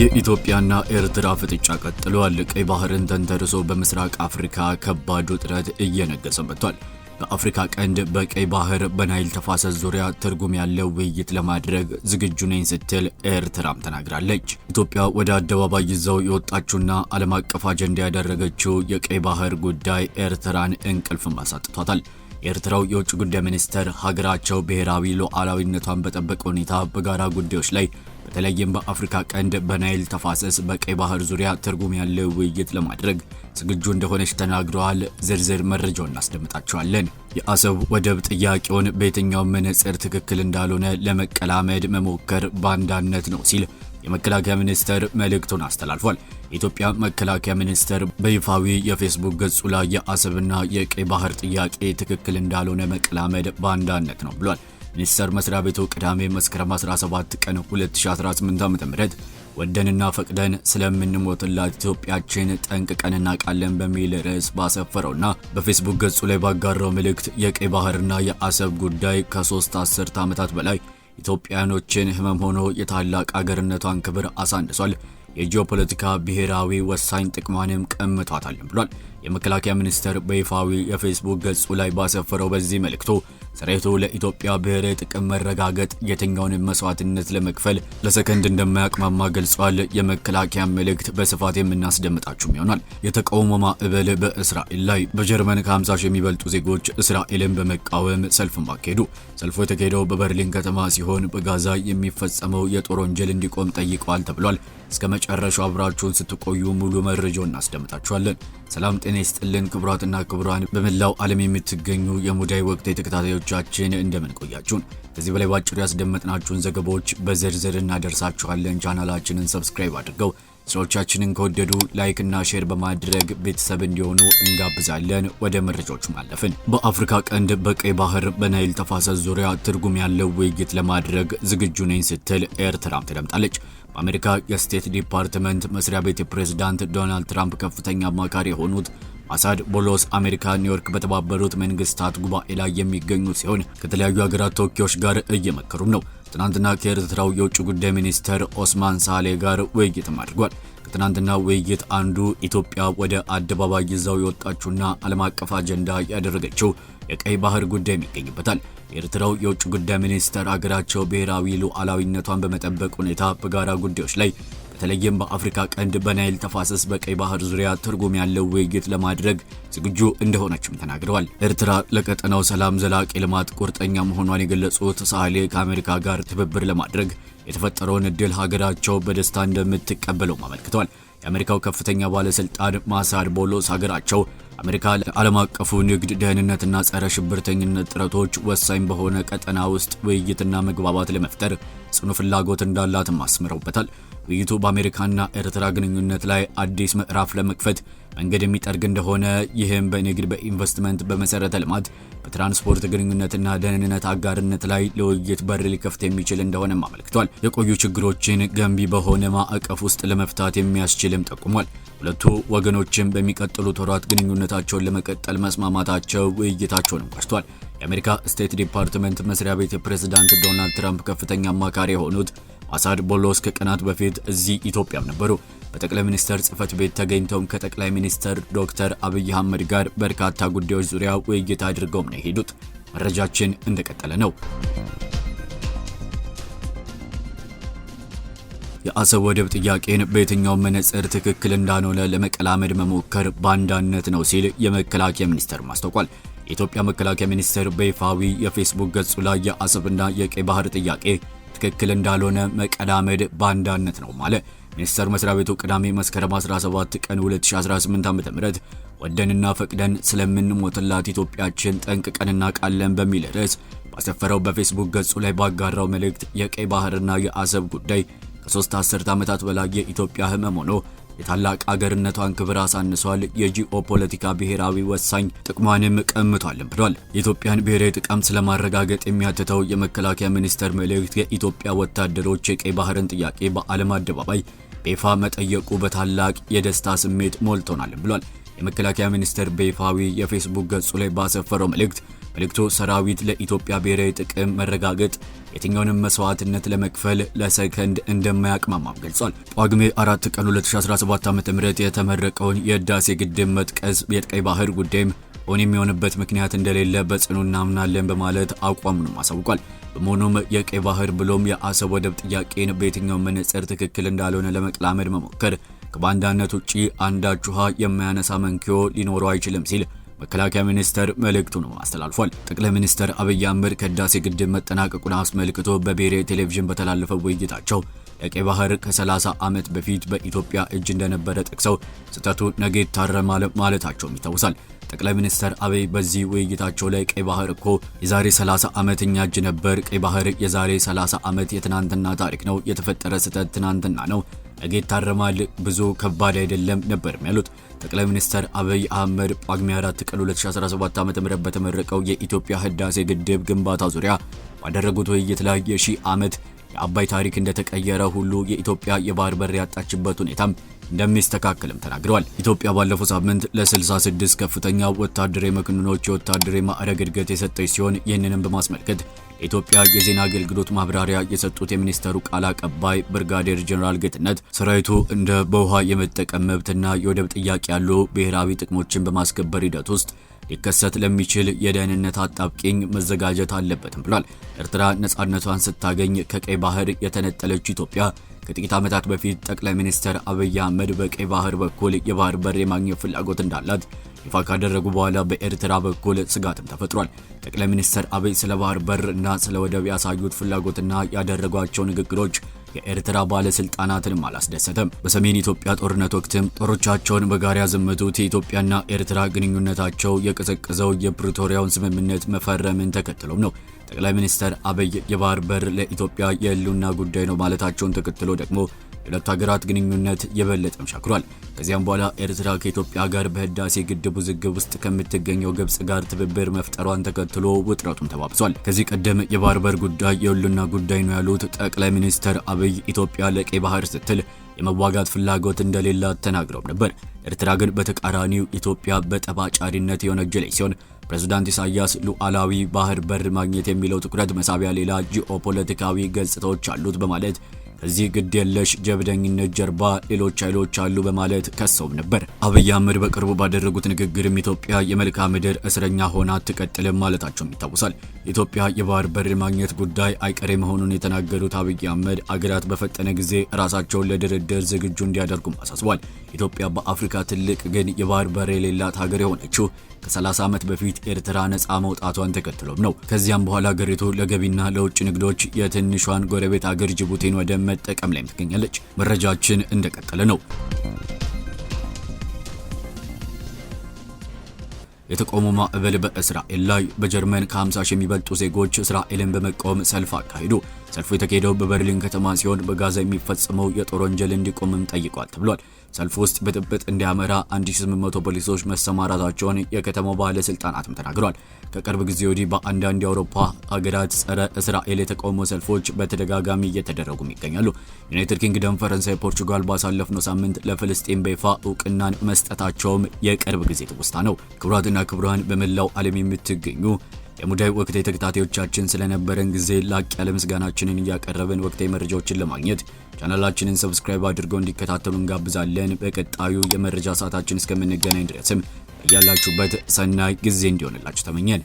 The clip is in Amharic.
የኢትዮጵያና ኤርትራ ፍጥጫ ቀጥሏል። ቀይ ባህርን ተንተርሶ በምስራቅ አፍሪካ ከባድ ውጥረት እየነገሰ መጥቷል። በአፍሪካ ቀንድ በቀይ ባህር በናይል ተፋሰስ ዙሪያ ትርጉም ያለው ውይይት ለማድረግ ዝግጁ ነኝ ስትል ኤርትራም ተናግራለች። ኢትዮጵያ ወደ አደባባይ ይዘው የወጣችውና ዓለም አቀፍ አጀንዳ ያደረገችው የቀይ ባህር ጉዳይ ኤርትራን እንቅልፍ አሳጥቷታል። የኤርትራው የውጭ ጉዳይ ሚኒስተር ሀገራቸው ብሔራዊ ሉዓላዊነቷን በጠበቀ ሁኔታ በጋራ ጉዳዮች ላይ በተለይም በአፍሪካ ቀንድ በናይል ተፋሰስ በቀይ ባህር ዙሪያ ትርጉም ያለው ውይይት ለማድረግ ዝግጁ እንደሆነች ተናግረዋል። ዝርዝር መረጃውን እናስደምጣቸዋለን። የአሰብ ወደብ ጥያቄውን በየትኛውም መነጽር ትክክል እንዳልሆነ ለመቀላመድ መሞከር ባንዳነት ነው ሲል የመከላከያ ሚኒስቴር መልእክቱን አስተላልፏል። የኢትዮጵያ መከላከያ ሚኒስቴር በይፋዊ የፌስቡክ ገጹ ላይ የአሰብና የቀይ ባህር ጥያቄ ትክክል እንዳልሆነ መቀላመድ ባንዳነት ነው ብሏል። ሚኒስቴር መስሪያ ቤቱ ቅዳሜ መስከረም 17 ቀን 2018 ዓ.ም ወደንና ፈቅደን ስለምንሞትላት ኢትዮጵያችን ጠንቅቀን እናውቃለን በሚል ርዕስ ባሰፈረውና በፌስቡክ ገጹ ላይ ባጋራው መልእክት የቀይ ባህርና የአሰብ ጉዳይ ከሶስት አስርት ዓመታት በላይ ኢትዮጵያኖችን ህመም ሆኖ የታላቅ አገርነቷን ክብር አሳንሷል። የጂኦፖለቲካ ብሔራዊ ወሳኝ ጥቅሟንም ቀምቷታልም ብሏል። የመከላከያ ሚኒስቴር በይፋዊ የፌስቡክ ገጹ ላይ ባሰፈረው በዚህ መልእክቱ ሰራዊቱ ለኢትዮጵያ ብሔራዊ ጥቅም መረጋገጥ የትኛውንም መስዋዕትነት ለመክፈል ለሰከንድ እንደማያቅማማ ገልጿል። የመከላከያ መልእክት በስፋት የምናስደምጣችሁም ይሆናል። የተቃውሞ ማዕበል በእስራኤል ላይ በጀርመን ከ50 ሺህ የሚበልጡ ዜጎች እስራኤልን በመቃወም ሰልፍ ማካሄዱ። ሰልፉ የተካሄደው በበርሊን ከተማ ሲሆን በጋዛ የሚፈጸመው የጦር ወንጀል እንዲቆም ጠይቀዋል ተብሏል። እስከ መጨረሻው አብራችሁን ስትቆዩ ሙሉ መረጃው እናስደምጣችኋለን። ሰላም ጤና ይስጥልን ክቡራትና ክቡራን በመላው ዓለም የምትገኙ የሙዳይ ወቅታዊ ተከታታዮች ተመልካቾቻችን እንደምን ቆያችሁን። ከዚህ በላይ ባጭሩ ያስደመጥናችሁን ዘገባዎች በዝርዝር እናደርሳችኋለን። ቻናላችንን ሰብስክራይብ አድርገው ስራዎቻችንን ከወደዱ ላይክ እና ሼር በማድረግ ቤተሰብ እንዲሆኑ እንጋብዛለን። ወደ መረጃዎች ማለፍን። በአፍሪካ ቀንድ በቀይ ባህር በናይል ተፋሰስ ዙሪያ ትርጉም ያለው ውይይት ለማድረግ ዝግጁ ነኝ ስትል ኤርትራም ተደምጣለች። በአሜሪካ የስቴት ዲፓርትመንት መስሪያ ቤት የፕሬዝዳንት ዶናልድ ትራምፕ ከፍተኛ አማካሪ የሆኑት አሳድ ቦሎስ አሜሪካ ኒውዮርክ በተባበሩት መንግስታት ጉባኤ ላይ የሚገኙ ሲሆን ከተለያዩ ሀገራት ተወካዮች ጋር እየመከሩም ነው። ትናንትና ከኤርትራው የውጭ ጉዳይ ሚኒስትር ኦስማን ሳሌ ጋር ውይይትም አድርጓል። ከትናንትና ውይይት አንዱ ኢትዮጵያ ወደ አደባባይ ይዛው የወጣችውና ዓለም አቀፍ አጀንዳ ያደረገችው የቀይ ባህር ጉዳይም ይገኝበታል። የኤርትራው የውጭ ጉዳይ ሚኒስትር አገራቸው ብሔራዊ ሉዓላዊነቷን በመጠበቅ ሁኔታ በጋራ ጉዳዮች ላይ በተለይም በአፍሪካ ቀንድ በናይል ተፋሰስ በቀይ ባህር ዙሪያ ትርጉም ያለው ውይይት ለማድረግ ዝግጁ እንደሆነችም ተናግረዋል። ኤርትራ ለቀጠናው ሰላም፣ ዘላቂ ልማት ቁርጠኛ መሆኗን የገለጹት ሳህሌ ከአሜሪካ ጋር ትብብር ለማድረግ የተፈጠረውን እድል ሀገራቸው በደስታ እንደምትቀበለውም አመልክተዋል። የአሜሪካው ከፍተኛ ባለስልጣን ማሳድ ቦሎስ ሀገራቸው አሜሪካ ለዓለም አቀፉ ንግድ ደህንነትና ጸረ ሽብርተኝነት ጥረቶች ወሳኝ በሆነ ቀጠና ውስጥ ውይይትና መግባባት ለመፍጠር ጽኑ ፍላጎት እንዳላትም አስምረውበታል። ውይይቱ በአሜሪካና ኤርትራ ግንኙነት ላይ አዲስ ምዕራፍ ለመክፈት መንገድ የሚጠርግ እንደሆነ ይህም በንግድ፣ በኢንቨስትመንት፣ በመሰረተ ልማት፣ በትራንስፖርት ግንኙነትና ደህንነት አጋርነት ላይ ለውይይት በር ሊከፍት የሚችል እንደሆነም አመልክቷል። የቆዩ ችግሮችን ገንቢ በሆነ ማዕቀፍ ውስጥ ለመፍታት የሚያስችልም ጠቁሟል። ሁለቱ ወገኖችም በሚቀጥሉት ወራት ግንኙነታቸውን ለመቀጠል መስማማታቸው ውይይታቸውንም ቋጭቷል። የአሜሪካ ስቴት ዲፓርትመንት መስሪያ ቤት የፕሬዝዳንት ዶናልድ ትራምፕ ከፍተኛ አማካሪ የሆኑት አሳድ ቦሎስ ቀናት በፊት እዚህ ኢትዮጵያም ነበሩ። በጠቅላይ ሚኒስተር ጽህፈት ቤት ተገኝተውም ከጠቅላይ ሚኒስተር ዶክተር አብይ አህመድ ጋር በርካታ ጉዳዮች ዙሪያ ውይይት አድርገውም ነው የሄዱት። መረጃችን እንደቀጠለ ነው። የአሰብ ወደብ ጥያቄን በየትኛው መነጽር ትክክል እንዳልሆነ ለመቀላመድ መሞከር ባንዳነት ነው ሲል የመከላከያ ሚኒስቴር ማስታውቋል። የኢትዮጵያ መከላከያ ሚኒስቴር በይፋዊ የፌስቡክ ገጹ ላይ የአሰብና የቀይ ባህር ጥያቄ ትክክል እንዳልሆነ መቀዳመድ ባንዳነት ነው ማለ ሚኒስቴር መስሪያ ቤቱ ቅዳሜ መስከረም 17 ቀን 2018 ዓ.ም ወደንና ፈቅደን ስለምንሞትላት ኢትዮጵያችን ጠንቅቀን እናውቃለን በሚል ርዕስ ባሰፈረው በፌስቡክ ገጹ ላይ ባጋራው መልእክት የቀይ ባህርና የአሰብ ጉዳይ ከሶስት አስርት ዓመታት በላይ የኢትዮጵያ ህመም ሆኖ የታላቅ አገርነቷን ክብር አሳንሷል፣ የጂኦ ፖለቲካ ብሔራዊ ወሳኝ ጥቅሟንም ቀምቷልም ብሏል። የኢትዮጵያን ብሔራዊ ጥቅም ስለማረጋገጥ የሚያትተው የመከላከያ ሚኒስቴር መልእክት የኢትዮጵያ ወታደሮች የቀይ ባህርን ጥያቄ በዓለም አደባባይ በይፋ መጠየቁ በታላቅ የደስታ ስሜት ሞልቶናልም ብሏል። የመከላከያ ሚኒስቴር በይፋዊ የፌስቡክ ገጹ ላይ ባሰፈረው መልእክት መልእክቱ ሰራዊት ለኢትዮጵያ ብሔራዊ ጥቅም መረጋገጥ የትኛውንም መስዋዕትነት ለመክፈል ለሰከንድ እንደማያቅማማም ገልጿል። ጳጉሜ 4 ቀን 2017 ዓ.ም የተመረቀውን የህዳሴ ግድብ መጥቀስ የቀይ ባህር ጉዳይም ሆን የሚሆንበት ምክንያት እንደሌለ በጽኑ እናምናለን በማለት አቋሙንም አሳውቋል። በመሆኑም የቀይ ባህር ብሎም የአሰብ ወደብ ጥያቄን በየትኛው መነጽር ትክክል እንዳልሆነ ለመቅላመድ መሞከር ከባንዳነት ውጪ አንዳች ውሃ የማያነሳ መንኪዮ ሊኖረው አይችልም ሲል መከላከያ ሚኒስቴር መልእክቱን አስተላልፏል። ጠቅላይ ሚኒስትር አብይ አህመድ ከህዳሴ ግድብ መጠናቀቁን አስመልክቶ በብሔራዊ ቴሌቪዥን በተላለፈው ውይይታቸው ለቀይ ባህር ከ30 ዓመት በፊት በኢትዮጵያ እጅ እንደነበረ ጠቅሰው ስህተቱ ነገ ይታረማል ማለታቸውም ይታወሳል። ጠቅላይ ሚኒስትር አብይ በዚህ ውይይታቸው ላይ ቀይ ባህር እኮ የዛሬ 30 ዓመት እኛ እጅ ነበር። ቀይ ባህር የዛሬ 30 ዓመት የትናንትና ታሪክ ነው። የተፈጠረ ስህተት ትናንትና ነው ነገ ይታረማል፣ ብዙ ከባድ አይደለም ነበርም ያሉት ጠቅላይ ሚኒስትር አብይ አህመድ ጳጉሜ 4 ቀን 2017 ዓ.ም በተመረቀው የኢትዮጵያ ህዳሴ ግድብ ግንባታ ዙሪያ ባደረጉት ውይይት ላይ የሺህ ዓመት የአባይ ታሪክ እንደተቀየረ ሁሉ የኢትዮጵያ የባህር በር ያጣችበት ሁኔታም እንደሚስተካከልም ተናግረዋል። ኢትዮጵያ ባለፈው ሳምንት ለ66 ከፍተኛ ወታደራዊ መኮንኖች የወታደራዊ ማዕረግ እድገት የሰጠች ሲሆን ይህንንም በማስመልከት የኢትዮጵያ የዜና አገልግሎት ማብራሪያ የሰጡት የሚኒስተሩ ቃል አቀባይ ብርጋዴር ጀኔራል ጌትነት ሰራዊቱ እንደ በውሃ የመጠቀም መብትና የወደብ ጥያቄ ያሉ ብሔራዊ ጥቅሞችን በማስከበር ሂደት ውስጥ ሊከሰት ለሚችል የደህንነት አጣብቂኝ መዘጋጀት አለበትም ብሏል። ኤርትራ ነጻነቷን ስታገኝ ከቀይ ባህር የተነጠለች ኢትዮጵያ ከጥቂት ዓመታት በፊት ጠቅላይ ሚኒስትር አብይ አህመድ በቀይ ባህር በኩል የባህር በር የማግኘት ፍላጎት እንዳላት ይፋ ካደረጉ በኋላ በኤርትራ በኩል ስጋትም ተፈጥሯል። ጠቅላይ ሚኒስትር አብይ ስለ ባህር በር እና ስለ ወደብ ያሳዩት ፍላጎትና ያደረጓቸው ንግግሮች የኤርትራ ባለስልጣናትንም አላስደሰተም። በሰሜን ኢትዮጵያ ጦርነት ወቅትም ጦሮቻቸውን በጋራ ያዘመቱት የኢትዮጵያና ኤርትራ ግንኙነታቸው የቀዘቀዘው የፕሪቶሪያውን ስምምነት መፈረምን ተከትሎም ነው። ጠቅላይ ሚኒስትር አብይ የባህር በር ለኢትዮጵያ የህልውና ጉዳይ ነው ማለታቸውን ተከትሎ ደግሞ የሁለቱ ሀገራት ግንኙነት የበለጠ ሻክሯል። ከዚያም በኋላ ኤርትራ ከኢትዮጵያ ጋር በህዳሴ ግድብ ውዝግብ ውስጥ ከምትገኘው ግብጽ ጋር ትብብር መፍጠሯን ተከትሎ ውጥረቱም ተባብሷል። ከዚህ ቀደም የባህር በር ጉዳይ የሁሉና ጉዳይ ነው ያሉት ጠቅላይ ሚኒስትር አብይ ኢትዮጵያ ለቀይ ባህር ስትል የመዋጋት ፍላጎት እንደሌላት ተናግረው ነበር። ኤርትራ ግን በተቃራኒው ኢትዮጵያ በጠባጫሪነት የወነጀለች ሲሆን ፕሬዝዳንት ኢሳያስ ሉዓላዊ ባህር በር ማግኘት የሚለው ትኩረት መሳቢያ ሌላ ጂኦፖለቲካዊ ገጽታዎች አሉት በማለት እዚህ ግድ የለሽ ጀብደኝነት ጀርባ ሌሎች ኃይሎች አሉ በማለት ከሰውም ነበር። አብይ አህመድ በቅርቡ ባደረጉት ንግግርም ኢትዮጵያ የመልክዓ ምድር እስረኛ ሆና አትቀጥልም ማለታቸውም ይታወሳል። ኢትዮጵያ የባህር በር ማግኘት ጉዳይ አይቀሬ መሆኑን የተናገሩት አብይ አህመድ አገራት በፈጠነ ጊዜ ራሳቸውን ለድርድር ዝግጁ እንዲያደርጉም አሳስቧል። ኢትዮጵያ በአፍሪካ ትልቅ ግን የባህር በር የሌላት ሀገር የሆነችው ከ30 ዓመት በፊት ኤርትራ ነፃ መውጣቷን ተከትሎም ነው። ከዚያም በኋላ ሀገሪቱ ለገቢና ለውጭ ንግዶች የትንሿን ጎረቤት አገር ጅቡቲን ወደ መጠቀም ላይም ትገኛለች። መረጃችን እንደቀጠለ ነው። የተቃውሞ ማዕበል በእስራኤል ላይ በጀርመን ከ50 ሺህ የሚበልጡ ዜጎች እስራኤልን በመቃወም ሰልፍ አካሂዱ። ሰልፉ የተካሄደው በበርሊን ከተማ ሲሆን በጋዛ የሚፈጸመው የጦር ወንጀል እንዲቆምም ጠይቋል ተብሏል። ሰልፍ ውስጥ ብጥብጥ እንዲያመራ 1800 ፖሊሶች መሰማራታቸውን የከተማው ባለስልጣናትም ተናግረዋል። ከቅርብ ጊዜ ወዲህ በአንዳንድ የአውሮፓ ሀገራት ጸረ እስራኤል የተቃውሞ ሰልፎች በተደጋጋሚ እየተደረጉም ይገኛሉ። ዩናይትድ ኪንግደም፣ ፈረንሳይ፣ ፖርቹጋል ባሳለፍነው ሳምንት ለፍልስጤን በይፋ እውቅናን መስጠታቸውም የቅርብ ጊዜ ትውስታ ነው። ክቡራትና ክቡራን በመላው ዓለም የምትገኙ የሙዳይ ወቅታዊ ተከታታዮቻችን ስለነበረን ጊዜ ላቅ ያለ ምስጋናችንን እያቀረብን ወቅታዊ መረጃዎችን ለማግኘት ቻናላችንን ሰብስክራይብ አድርገው እንዲከታተሉ እንጋብዛለን። በቀጣዩ የመረጃ ሰዓታችን እስከምንገናኝ ድረስም ያላችሁበት ሰናይ ጊዜ እንዲሆንላችሁ ተመኘን።